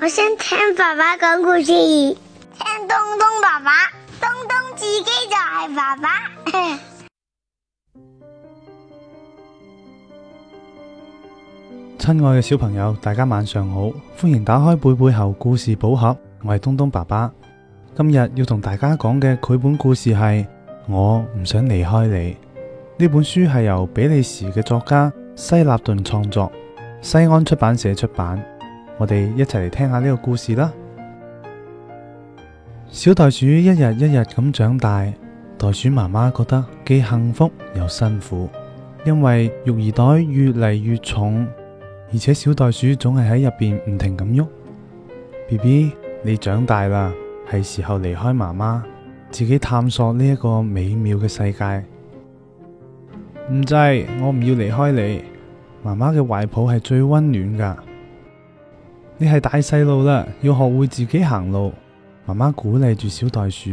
我想聽爸爸講故事，聽東東爸爸，東東自己就係爸爸。親 愛嘅小朋友，大家晚上好，歡迎打開貝貝猴故事寶盒，我係東東爸爸。今日要同大家講嘅繪本故事係《我唔想離開你》。呢本書係由比利時嘅作家西納頓創作，西安出版社出版。我哋一齊嚟聽下呢個故事啦。小袋鼠一日一日咁長大，袋鼠媽媽覺得既幸福又辛苦，因為育兒袋越嚟越重，而且小袋鼠總係喺入邊唔停咁喐。BB，你長大啦，係時候離開媽媽，自己探索呢一個美妙嘅世界。唔制，我唔要離開你。媽媽嘅懷抱係最温暖㗎。你係大細路啦，要學會自己行路。媽媽鼓勵住小袋鼠。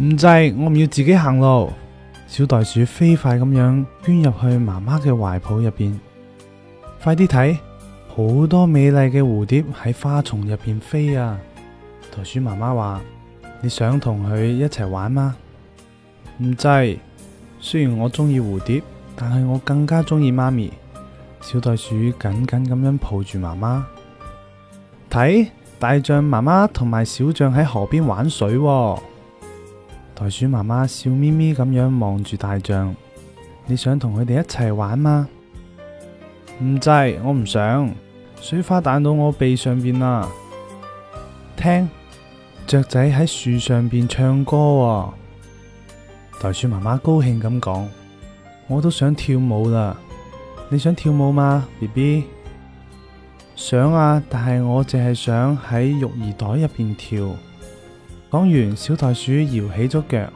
唔制，我唔要自己行路。小袋鼠飛快咁樣鑽入去媽媽嘅懷抱入邊。快啲睇，好多美麗嘅蝴蝶喺花叢入邊飛啊！袋鼠媽媽話：你想同佢一齊玩嗎？唔制。.雖然我中意蝴蝶，但係我更加中意媽咪。小袋鼠緊緊咁樣抱住媽媽，睇大象媽媽同埋小象喺河邊玩水，哦。袋鼠媽媽笑眯眯咁樣望住大象，你想同佢哋一齊玩嗎？唔制，我唔想。水花彈到我臂上邊啦。聽，雀仔喺樹上邊唱歌，哦。袋鼠媽媽高興咁講：我都想跳舞啦，你想跳舞嗎，BB？想啊，但係我淨係想喺育兒袋入邊跳。講完，小袋鼠搖起咗腳，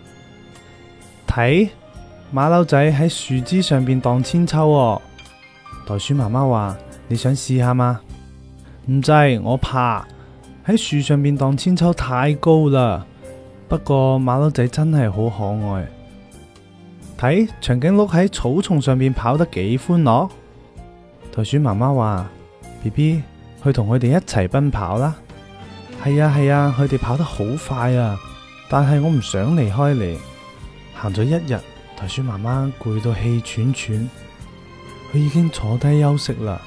睇馬騮仔喺樹枝上邊蕩千秋哦。袋鼠媽媽話：你想試下嗎？唔制，我怕喺樹上面蕩千秋太高啦。不過馬騮仔真係好可愛，睇長頸鹿喺草叢上面跑得幾歡樂。袋鼠媽媽話：，B B 去同佢哋一齊奔跑啦。係啊係啊，佢哋、啊、跑得好快啊！但係我唔想離開你。行咗一日，袋鼠媽媽攰到氣喘喘，佢已經坐低休息啦。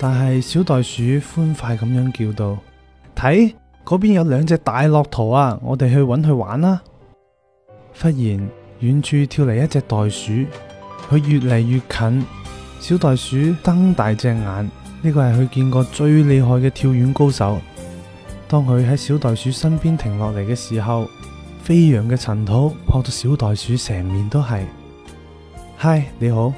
但係小袋鼠歡快咁樣叫道：，睇！嗰邊有兩隻大駱駝啊！我哋去揾佢玩啦。忽然，遠處跳嚟一隻袋鼠，佢越嚟越近。小袋鼠瞪大隻眼，呢個係佢見過最厲害嘅跳遠高手。當佢喺小袋鼠身邊停落嚟嘅時候，飛揚嘅塵土撲到小袋鼠成面都係。嗨，你好！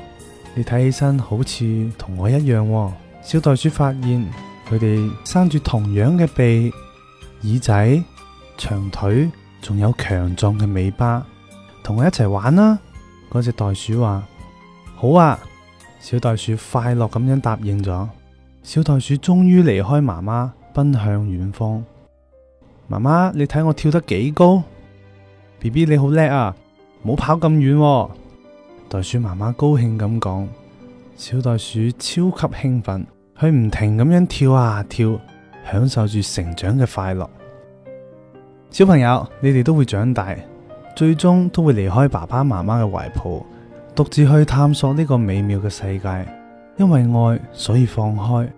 你睇起身好似同我一樣喎。小袋鼠發現佢哋生住同樣嘅鼻。耳仔、長腿，仲有強壯嘅尾巴，同我一齊玩啦！嗰隻袋鼠話：好啊！小袋鼠快樂咁樣答應咗。小袋鼠終於離開媽媽，奔向遠方。媽媽，你睇我跳得幾高？B B 你好叻啊！唔好跑咁遠啊。袋鼠媽媽高興咁講。小袋鼠超級興奮，佢唔停咁樣跳啊跳。享受住成長嘅快樂，小朋友，你哋都會長大，最終都會離開爸爸媽媽嘅懷抱，獨自去探索呢個美妙嘅世界。因為愛，所以放開。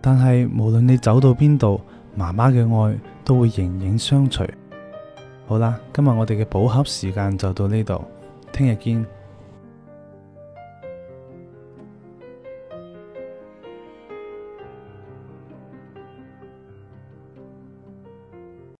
但係無論你走到邊度，媽媽嘅愛都會形影相隨。好啦，今日我哋嘅寶盒時間就到呢度，聽日見。